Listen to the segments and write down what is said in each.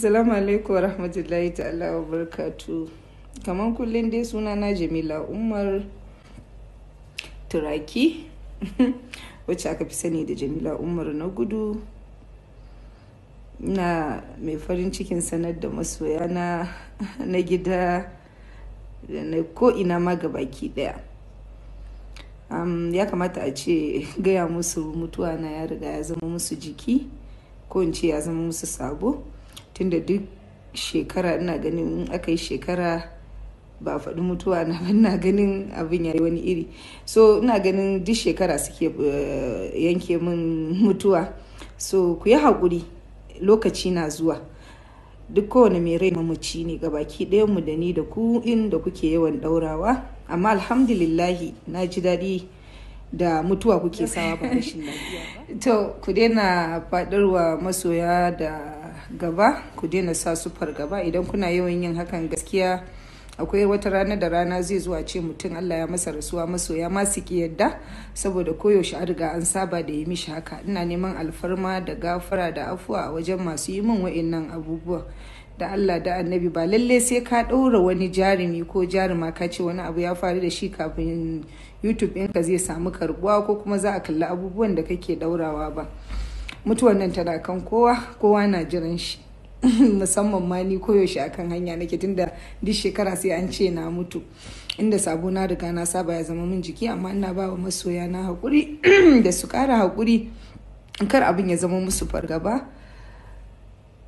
Salamu alaikum wa rahmatullahi ta'ala wa barkatu. Kamar kullum dai suna na Jamila Umar Turaki, wacce aka fi sani da Jamila Umar na gudu. Na mai farin cikin sanar da masoya na na gida da na ko'ina ma baki daya. Um, ya kamata a ce gaya musu mutuwa na ya riga ya zama musu jiki ko in ce ya zama musu sabo. tunda duk shekara ina ganin in aka yi shekara ba faɗi mutuwa na ina ganin abin ya yi wani iri so ina ganin duk shekara suke eh, yanke min mutuwa so ku yi haƙuri lokaci na zuwa duk kowane mai rai mamaci ne ga baki mu da ni da ku da kuke yawan ɗaurawa amma alhamdulillahi na ji daɗi da mutuwa kuke sawa ba rashin to ku daina faɗarwa masoya da gaba ku daina sa su fargaba idan kuna yawan yin hakan gaskiya akwai wata rana da rana zai zuwa ce mutum Allah ya masa rasuwa masoya ma su ki yadda saboda koyaushe a riga an saba da yi mishi haka ina neman alfarma da gafara da afuwa a wajen masu yi min wa'innan abubuwa da Allah da annabi ba lalle sai ka ɗaura wani jarumi ko jaruma ka ce wani abu ya faru da shi kafin youtube ka zai samu karbuwa ko kuma za a kalli abubuwan da kake ɗaurawa ba mutuwan nan tana kan kowa kowa na jiran shi musamman ma ni koyaushe akan hanya nake tunda duk shekara sai an ce na mutu inda sabo na riga na saba ya zama min jiki amma ina ba wa masoya na haƙuri da su kara haƙuri kar abin ya zama musu fargaba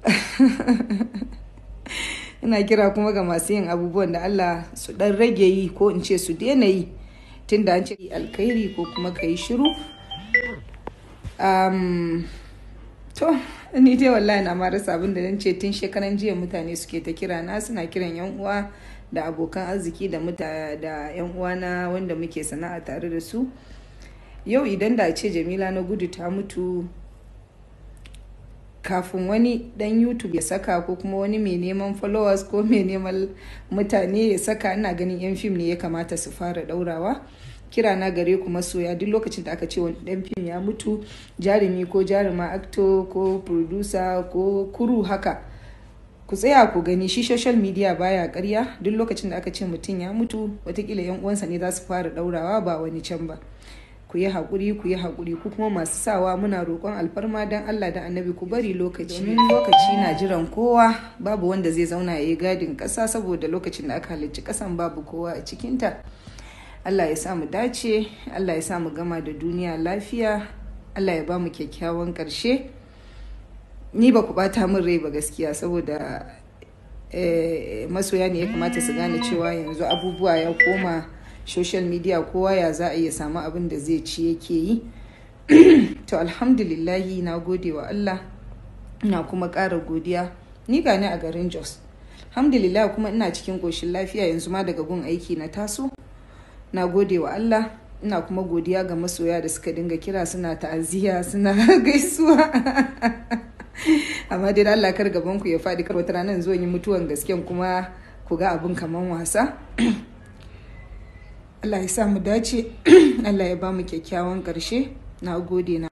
ina kira kuma ga masu yin abubuwan da Allah su dan rage yi ko in ce su daina yi tunda an ce alkhairi ko kuma ka yi shiru to ni dai wallahi na mara sabon da nan ce tun shekaran jiya mutane suke ta kira na suna kiran yan uwa da abokan arziki da muta da yan uwana wanda muke sana'a tare da su yau idan da ce jamila na gudu ta mutu kafin wani dan youtube ya saka ko kuma wani mai neman followers ko mai neman mutane ya saka ina ganin yan fim ne ya kamata su fara daurawa kira na gare ku masoya duk lokacin da aka ce wani dan fim ya mutu jarumi ko jaruma acto ko producer ko kuru haka ku tsaya ku gani shi social media baya karya duk lokacin da aka ce mutum ya mutu watakila yan uwansa ne za su fara daurawa ba wani can ba ku yi haƙuri ku yi haƙuri ku kuma masu sawa muna roƙon alfarma don Allah da annabi ku bari lokaci lokaci na jiran kowa babu wanda zai zauna ya yi gadin ƙasa saboda lokacin da aka halicci ƙasan babu kowa a cikinta Allah ya sa mu dace Allah ya sa mu gama da duniya lafiya Allah ya ba mu kyakkyawan ƙarshe ni ba ku ɓata min rai ba gaskiya saboda eh, masoya ne ya kamata su gane cewa yanzu abubuwa ya koma social media kowa ya za a iya samu abin da zai ci yake yi to alhamdulillahi na gode wa allah na kuma ƙara godiya ni gane a garin jos alhamdulillah kuma ina cikin ƙoshin lafiya yanzu ma daga gun aiki na taso na gode wa allah ina kuma godiya ga masoya da suka dinga kira suna ta'aziyya suna gaisuwa amma dai Allah kar gaban ku ya faɗi kar wata rana zo yi mutuwan gasken kuma ku ga abin kaman wasa Allah ya sa mu dace Allah ya ba mu kyakkyawan ƙarshe na gode na